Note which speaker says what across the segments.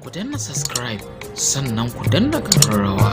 Speaker 1: ku danna subscribe sannan ku danna kan rawa.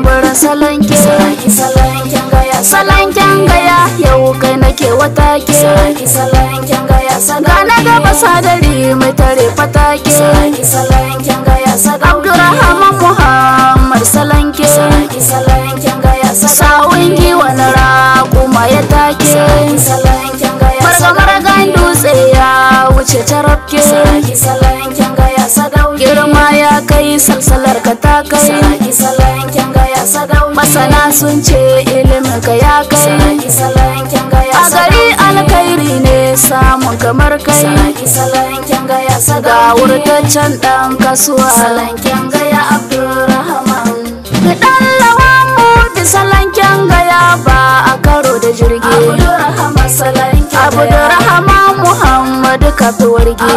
Speaker 1: tambara salanke salanken gaya yau kai nake wata ke salanken gaya gana gaba sadari mai tare fatake salanken gaya abdurrahman muhammad salanke salanken gaya giwa na kuma ya take salanken gaya dutse ya wuce tarafke salanken gaya girma ya kai salsalar masana sun ce ilimin ka ya kai a gari alkhairi ne samun kamar kai ga wurtaccen dan kasuwa da dan lawan mu salanken gaya ba a karo da jirgi abdurrahman muhammadu kafi warge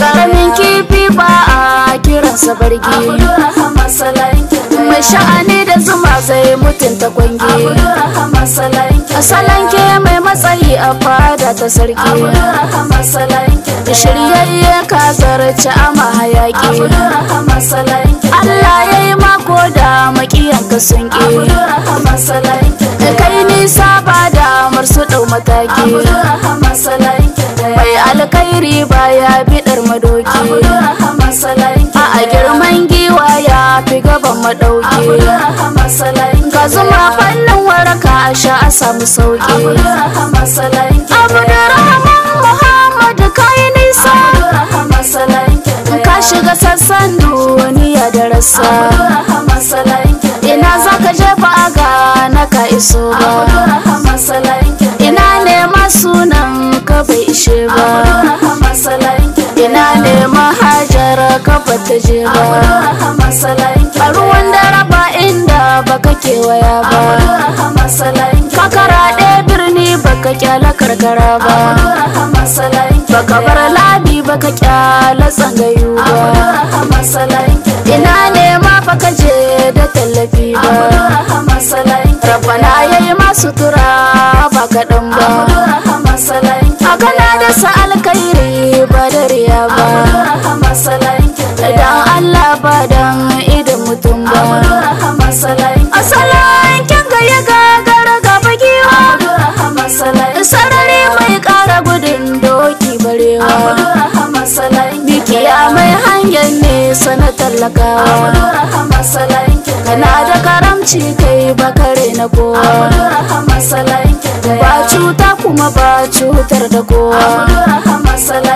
Speaker 1: karamin kifi ba a kiransa bargi mai sha'ani da zuma zai mutunta kwange salanke mai matsayi a fada ta sarki da shiryayye ka zarce ama mahayaki Allah ya yi mako da makiyanka sun ke da kai nisa ba damar su ɗau mataki mai alkairi baya biɗar madoki a girman giwa ya fi gaban madauke ka zuma fannin waraka a sha a samu sauki abu da muhammadu kai nisa ka shiga sassan duniya da rasa ina za ka jefa ga na ka iso ba ina nema sunan ka bai ishe ba ina nema hajji kafa ta je ba a ruwan dare ba inda baka kewaya ba kakara ɗaya birni baka kyala karkara ba baka bar labi baka kyala tsangayu ba ina ne ma baka je da tallafi ba rabana yayi masu tura ba kaɗan ba a kana da sa'ala ba dan idan mutum ba asalan kyan ga gagara gaba giwa sarari mai kara gudun doki barewa bikiya mai hanyar nesa na tallakawa kana da karamci kai bakare na kowa ba cuta kuma ba cutar da kowa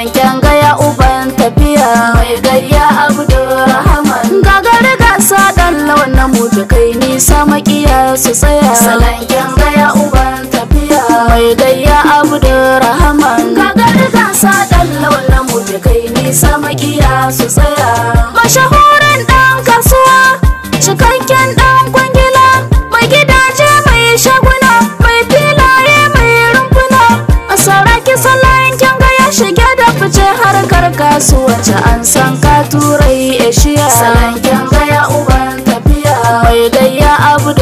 Speaker 1: Yanken gaya uban tafiya mai gayya Abdulrahman. Gagari gasa dan lawan mutu kai nisa makiya su tsaya. Salanken gaya uban tafiya mai gayya Abdulrahman. Gagari gasa dan lawan na mutu kai nisa makiya su tsaya. an san ka turai eshiya eh, salon kyanga ya uban tafiya mai gayya ga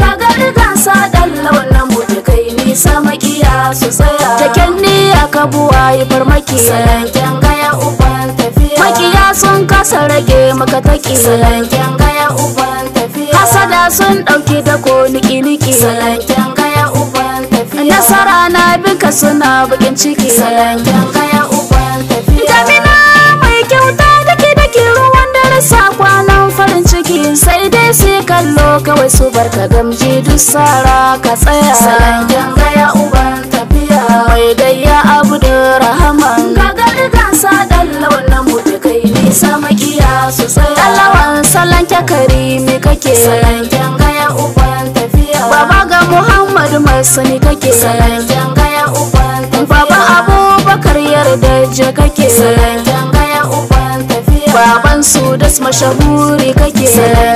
Speaker 1: gagari gasa dan wannan mutu kai nisa makiya su tsaya ta ni aka buwa yi farmaki salon kyanga ya uban tafiya makiya sun kasa rage maka taki salon kyanga ya uban tafiya hasada sun ɗauki dako niki-niki salon kyanga ya uban tafiya nasara na ka suna bakin ciki salon kyanga ya uban tafiya su barka gamji duk sara ka tsaya salon gaya uban tafiya mai gayya abu da rahaman gagari gansa dalla wannan mutu kai nisa makiya su tsaya dallawan salon kyakari me kake salon gaya uban tafiya baba ga muhammadu mai sani kake salon gaya uban tafiya baba abubakar yarda je kake salon gaya uban tafiya baban su das mashahuri kake salon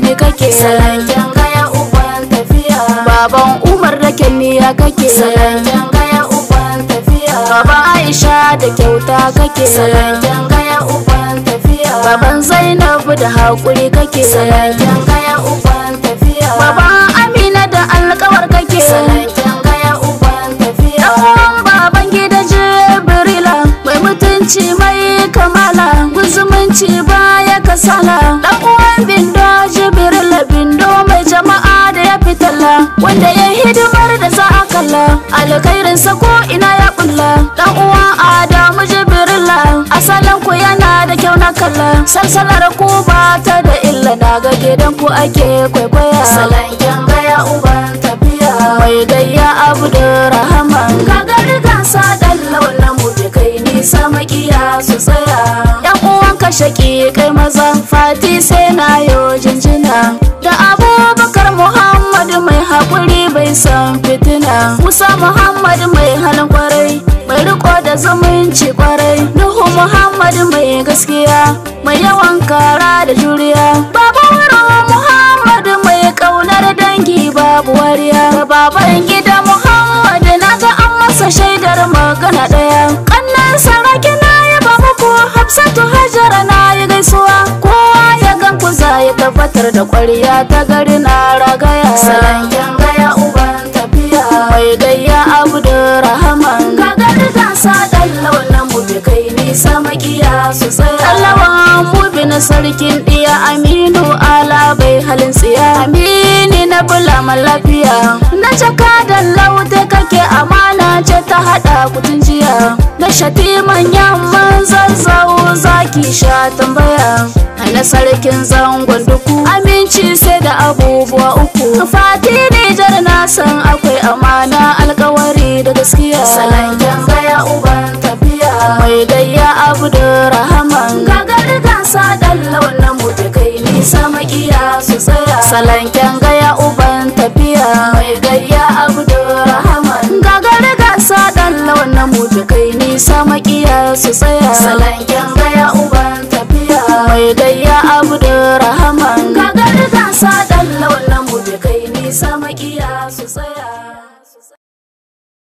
Speaker 1: jini kake salanjan gaya uban tafiya baban umar da kemiya kake salanjan gaya uban tafiya baban aisha da kyauta kake salanjan gaya uban tafiya baban zainabu da haƙuri kake salanjan gaya uban tafiya baban amina da alƙawar kake salanjan gaya uban tafiya baban gida jibrila mai mutunci mai kamala guzumunci baya kasala sa ko ina ya kulla dan uwa adamu jibrila asalin ku yana da kyau na kalla salsalar ku ba ta da illa na ga gidan ku ake kwaikwaya salanyan gaya uba tafiya mai gayya abdurrahman ka ga rigansa dalla wannan mu kai nisa makiya su tsaya yan ka shaki kai maza fati sai na yo jinjina da abubakar Muhammad mai haƙuri bai san fitina Musa Muhammad mai halin kwarai mai riko da zumunci kwarai Nuhu Muhammad mai gaskiya mai yawan kara da juriya Baba Wuro Muhammad mai ƙaunar dangi babu wariya Baban gida Muhammad na ga an masa shaidar magana ɗaya Ƙannan sarki na yi babu ko Hafsatu Hajara na yi gaisuwa tabbatar da ƙwarya ta garin ragaya. salon gaya uban tafiya mai gayya ka gagari gasa ɗallawa na mu bi kai nisa makiya su tsaya ɗallawa mu bi na sarkin ɗiya aminu ala bai halin tsiya amini na bulaman lafiya na jaka da lauta kake amana ce ta haɗa kutun jiya na shatiman yamman zazzau zaki sha tambaya na sarkin zangon duku aminci sai da abubuwa uku fati nijar na san akwai amana alkawari da gaskiya salankin gaya uban tafiya mai gayya abdurrahman gagar gasa dan launin mu kai nisa makiya su tsaya salankin gaya uban tafiya mai gayya abdurrahman gagar gasa dan launin mu kai nisa makiya su tsaya